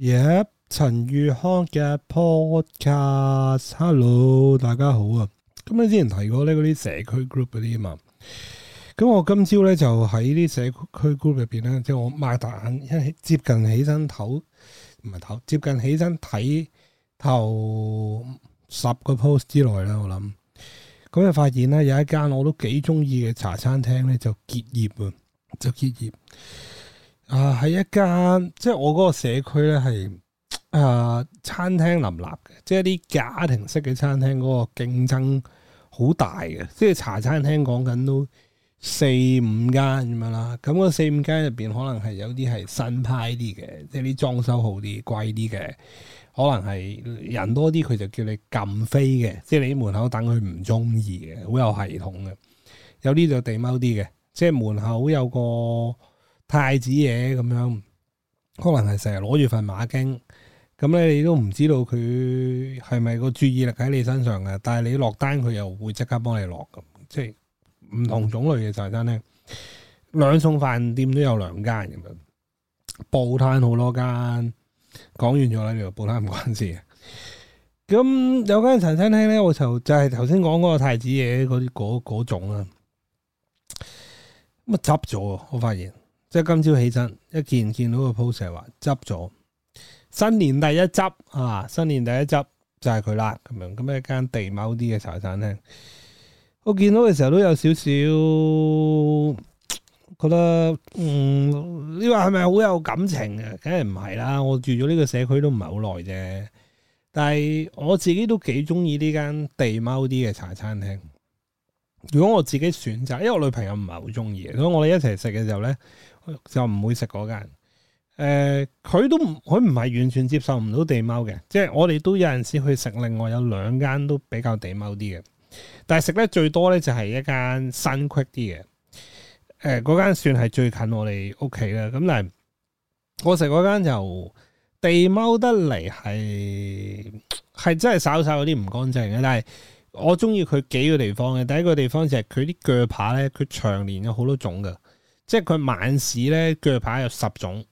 耶！陳宇、yep, 康嘅 podcast，hello，大家好啊。咁你之前提過呢嗰啲社區 group 嗰啲嘛？咁我今朝咧就喺啲社區 group 入邊咧，即、就、係、是、我擘大眼，一起接近起身頭唔係頭，接近起身睇頭，頭十個 post 之內啦，我諗。咁就發現咧，有一間我都幾中意嘅茶餐廳咧，就結業啊，就結業。啊！喺、呃、一間即係我嗰個社區咧，係、呃、啊餐廳林立嘅，即一啲家庭式嘅餐廳嗰個競爭好大嘅。即係茶餐廳講緊都四五間咁樣啦。咁、那、嗰、個、四五間入邊，可能係有啲係新派啲嘅，即係啲裝修好啲、貴啲嘅，可能係人多啲，佢就叫你撳飛嘅。即係你喺門口等佢唔中意嘅，好有系統嘅。有啲就地踎啲嘅，即係門口有個。太子嘢咁樣，可能係成日攞住份馬經，咁咧你都唔知道佢係咪個注意力喺你身上嘅，但係你落單佢又會即刻幫你落咁。即係唔同種類嘅菜單咧，兩，就是、餸飯店都有兩間咁樣，報攤好多間，講完咗啦，你話報攤唔關事嘅，咁有間陳親興咧，我就就係頭先講嗰個太子嘢嗰啲嗰嗰種啦，咁啊執咗，我發現。即係今朝起身，一見見到個 post 係話執咗新年第一執啊！新年第一執就係佢啦，咁樣咁樣一間地踎啲嘅茶餐廳，我見到嘅時候都有少少覺得，嗯，呢個係咪好有感情啊？梗係唔係啦，我住咗呢個社區都唔係好耐啫，但係我自己都幾中意呢間地踎啲嘅茶餐廳。如果我自己選擇，因為我女朋友唔係好中意，所以我哋一齊食嘅時候咧，就唔會食嗰間，誒、呃，佢都佢唔係完全接受唔到地踎嘅。即係我哋都有陣時去食另外有兩間都比較地踎啲嘅，但係食得最多咧就係一間新穀啲嘅，誒、呃，嗰間算係最近我哋屋企啦，咁但係我食嗰間就地踎得嚟係係真係稍稍有啲唔乾淨嘅，但係我中意佢幾個地方嘅。第一個地方就係佢啲鋸扒咧，佢長年有好多種嘅。即係佢晚市咧，鋸牌有十種，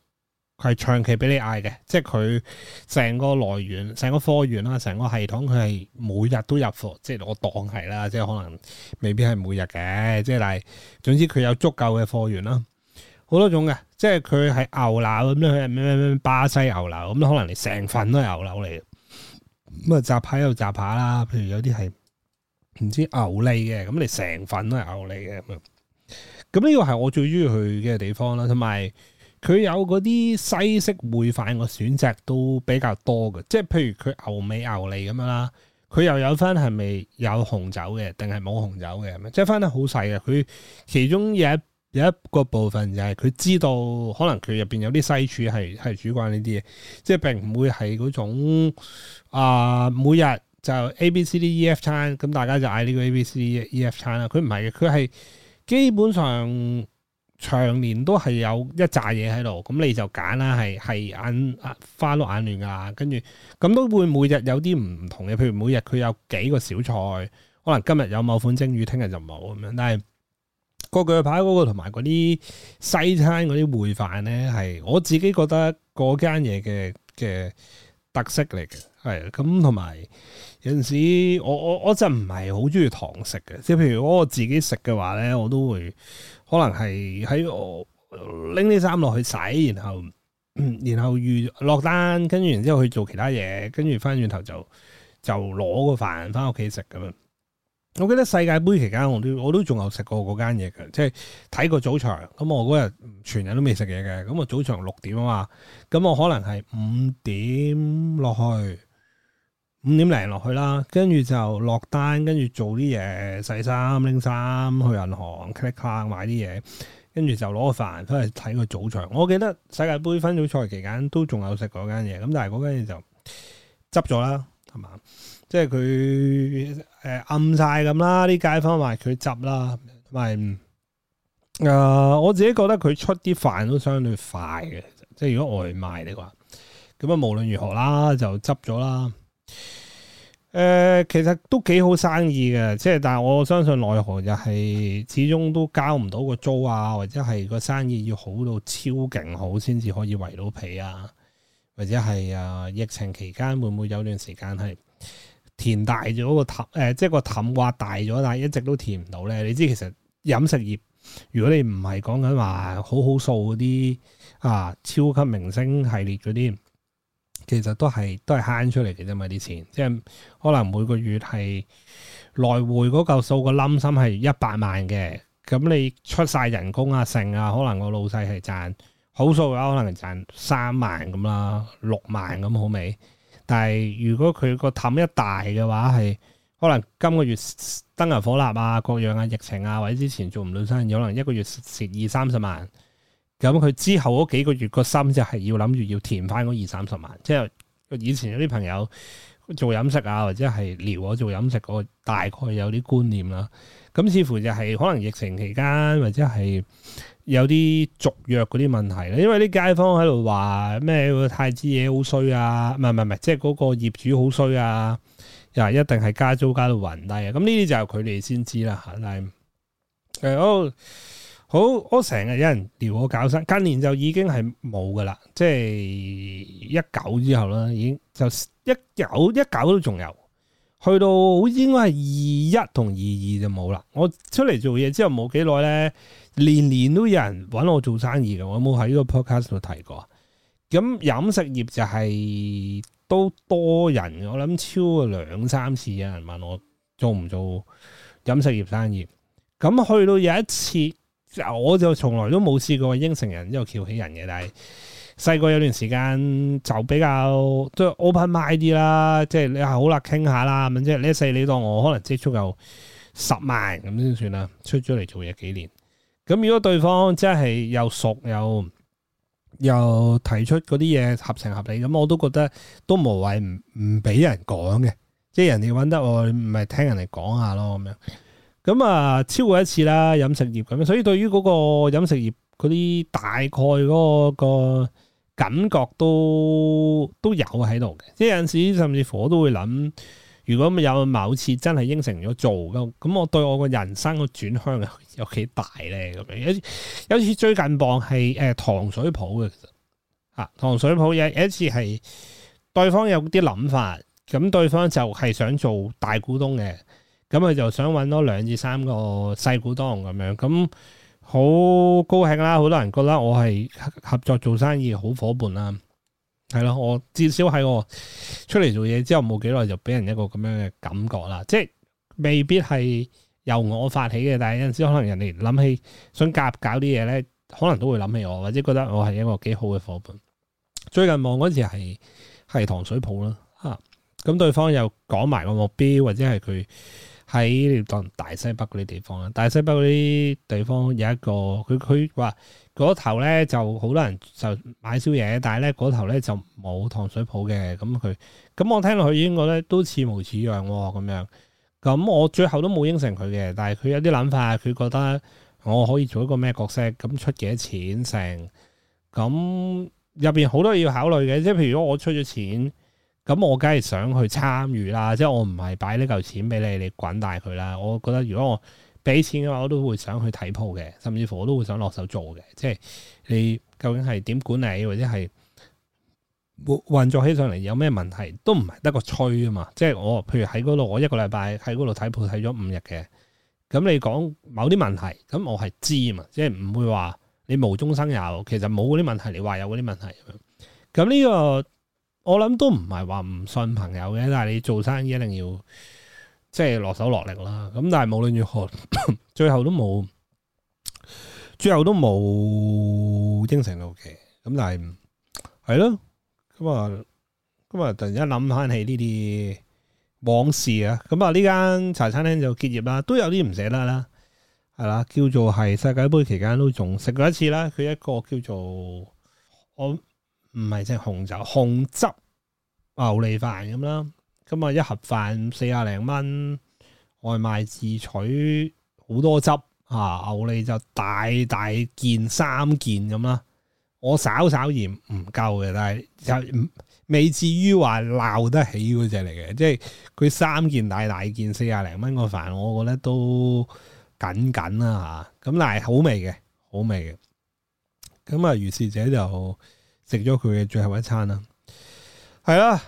佢係長期俾你嗌嘅。即係佢成個來源、成個貨源啦，成個系統佢係每日都入貨。即係我當係啦，即係可能未必係每日嘅。即係但係，總之佢有足夠嘅貨源啦。好多種嘅，即係佢係牛柳咁樣，咩咩咩巴西牛柳咁，可能你成份都係牛柳嚟。咁啊，雜牌有雜牌啦，譬如有啲係唔知牛脷嘅，咁你成份都係牛脷嘅咁啊。咁呢個係我最中意去嘅地方啦，同埋佢有嗰啲西式燴飯嘅選擇都比較多嘅，即係譬如佢牛尾牛脷咁樣啦，佢又有分係咪有紅酒嘅，定係冇紅酒嘅，即係分得好細嘅。佢其中有一有一個部分就係佢知道，可能佢入邊有啲西廚係係煮慣呢啲嘢，即係並唔會係嗰種啊、呃，每日就 A B C D E F 餐，咁大家就嗌呢個 A B C D E F 餐啦。佢唔係嘅，佢係。基本上長年都係有一紮嘢喺度，咁你就揀啦，係係眼、啊、花碌眼亂噶啦，跟住咁都會每日有啲唔同嘅，譬如每日佢有幾個小菜，可能今日有某款蒸魚，聽日就冇咁樣。但係個鋸扒嗰個同埋嗰啲西餐嗰啲燴飯咧，係我自己覺得嗰間嘢嘅嘅特色嚟嘅，係咁同埋。有陣時我，我我我真係唔係好中意堂食嘅，即係譬如我自己食嘅話咧，我都會可能係喺拎啲衫落去洗，然後然後預落單，跟住然之後去做其他嘢，跟住翻轉頭就就攞個飯翻屋企食咁樣。我記得世界盃期間，我都我都仲有食過嗰間嘢嘅，即係睇過早場。咁我嗰日全日都未食嘢嘅，咁我早場六點啊嘛，咁我可能係五點落去。五點零落去啦，跟住就落單，跟住做啲嘢洗衫拎衫去銀行 click clank 買啲嘢，跟住就攞個飯翻嚟睇個早場。我記得世界盃分組賽期間都仲有食嗰間嘢，咁但係嗰間嘢就執咗啦，係嘛？即係佢誒暗晒咁啦，啲街坊話佢執啦，同埋、呃、我自己覺得佢出啲飯都相對快嘅，即係如果外賣你話，咁啊無論如何啦，就執咗啦。誒、呃，其實都幾好生意嘅，即係，但係我相信奈何就係始終都交唔到個租啊，或者係個生意要好到超勁好，先至可以圍到皮啊，或者係啊、呃，疫情期間會唔會有段時間係填大咗個氹，誒、呃，即係個氹挖大咗，但係一直都填唔到咧。你知其實飲食業，如果你唔係講緊話好好數嗰啲啊，超級明星系列嗰啲。其實都係都係慳出嚟嘅啫嘛啲錢，即係可能每個月係來回嗰嚿數個冧心係一百萬嘅，咁你出晒人工啊剩啊，可能個老細係賺好數嘅話，可能賺三萬咁啦，六萬咁好味。但係如果佢個氹一大嘅話，係可能今個月燈油火蠟啊，各樣啊，疫情啊，或者之前做唔到生意，可能一個月蝕二三十萬。咁佢之後嗰幾個月個心就係要諗住要填翻嗰二三十萬，即係以前有啲朋友做飲食啊，或者係撩我做飲食嗰個大概有啲觀念啦。咁似乎就係可能疫情期間，或者係有啲續約嗰啲問題咧。因為啲街坊喺度話咩太子爺好衰啊，唔係唔係唔係，即係嗰個業主好衰啊，又一定係加租加到暈低啊。咁呢啲就係佢哋先知啦，但係誒、哎好，我成日有人撩我搞生意，近年就已經係冇㗎啦，即係一九之後啦，已經就一九一九都仲有，去到好應該係二一同二二就冇啦。我出嚟做嘢之後冇幾耐咧，年年都有人搵我做生意嘅，我有冇喺呢個 podcast 度提過？咁飲食業就係都多人，我諗超過兩三次有人問我做唔做飲食業生意，咁去到有一次。我就從來都冇試過應承人又翹起人嘅，但係細個有段時間就比較都 open mind 啲啦，即係你係好啦，傾下啦咁，即係呢一世你當我可能積蓄夠十萬咁先算啦，出咗嚟做嘢幾年，咁如果對方即係又熟又又提出嗰啲嘢合情合理，咁我都覺得都無謂唔唔俾人講嘅，即係人哋搵得我，你咪聽人哋講下咯咁樣。咁啊、嗯，超過一次啦，飲食業咁，所以對於嗰個飲食業嗰啲大概嗰、嗰個嗰個感覺都都有喺度嘅。即有陣時，甚至乎我都會諗，如果咪有某次真係應承咗做咁，咁我對我個人生嘅轉向有幾大咧？咁樣有次有次最近磅係誒糖水鋪嘅，其實嚇糖水鋪有有一次係對方有啲諗法，咁對方就係想做大股東嘅。咁佢就想揾多兩至三個細股東咁樣，咁好高興啦！好多人覺得我係合作做生意好伙伴啦，係咯，我至少喺我出嚟做嘢之後冇幾耐就俾人一個咁樣嘅感覺啦。即係未必係由我發起嘅，但係有陣時可能人哋諗起想夾搞啲嘢咧，可能都會諗起我，或者覺得我係一個幾好嘅伙伴。最近望嗰次係係糖水鋪啦，啊，咁對方又講埋個目標或者係佢。喺你當大西北嗰啲地方啊，大西北嗰啲地方有一個，佢佢話嗰頭咧就好多人就買宵夜，但係咧嗰頭咧就冇糖水鋪嘅，咁佢，咁我聽落去已經覺得都似模似樣喎、哦，咁樣，咁我最後都冇應承佢嘅，但係佢有啲諗法，佢覺得我可以做一個咩角色，咁出幾多錢成，咁入邊好多嘢要考慮嘅，即係譬如講我出咗錢。咁我梗係想去參與啦，即係我唔係擺呢嚿錢俾你，你滾大佢啦。我覺得如果我俾錢嘅話，我都會想去睇鋪嘅，甚至乎我都會想落手做嘅。即係你究竟係點管理，或者係運作起上嚟有咩問題，都唔係得個吹啊嘛。即係我譬如喺嗰度，我一個禮拜喺嗰度睇鋪睇咗五日嘅。咁你講某啲問題，咁我係知啊嘛，即係唔會話你無中生有，其實冇嗰啲問題，你話有嗰啲問題咁樣。咁呢個。我諗都唔係話唔信朋友嘅，但係你做生意一定要即係落手落力啦。咁但係無論如何， 最後都冇，最後都冇應承到嘅。咁但係係咯，咁啊，咁啊，突然間諗翻起呢啲往事啊，咁啊呢間茶餐廳就結業啦，都有啲唔捨得啦，係啦，叫做係世界杯期間都仲食過一次啦。佢一個叫做我。唔係即係紅酒，紅汁牛脷飯咁啦，咁啊一盒飯四廿零蚊，外賣自取，好多汁吓、啊，牛脷就大大件三件咁啦。我稍稍嫌唔夠嘅，但係就未至於話鬧得起嗰隻嚟嘅。即係佢三件大大件四廿零蚊個飯，我覺得都緊緊啦吓。咁、啊、但係好味嘅，好味嘅。咁、嗯、啊，如是者就。食咗佢嘅最後一餐啦，係啦，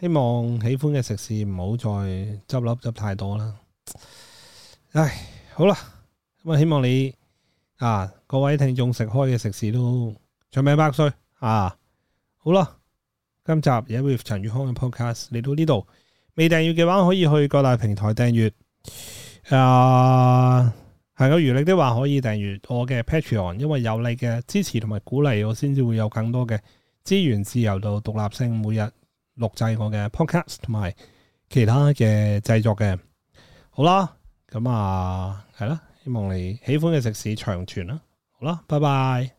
希望喜歡嘅食肆唔好再執笠執太多啦。唉，好啦，咁啊希望你啊各位聽眾食開嘅食肆都長命百歲啊！好啦，今集有一位陳宇康嘅 podcast 嚟到呢度，未訂閱嘅話可以去各大平台訂閱啊。係咯，有餘力的話可以訂閱我嘅 Patreon，因為有你嘅支持同埋鼓勵，我先至會有更多嘅資源，自由度、獨立性，每日錄製我嘅 Podcast 同埋其他嘅製作嘅。好啦，咁啊，係啦，希望你喜歡嘅食肆長存啦。好啦，拜拜。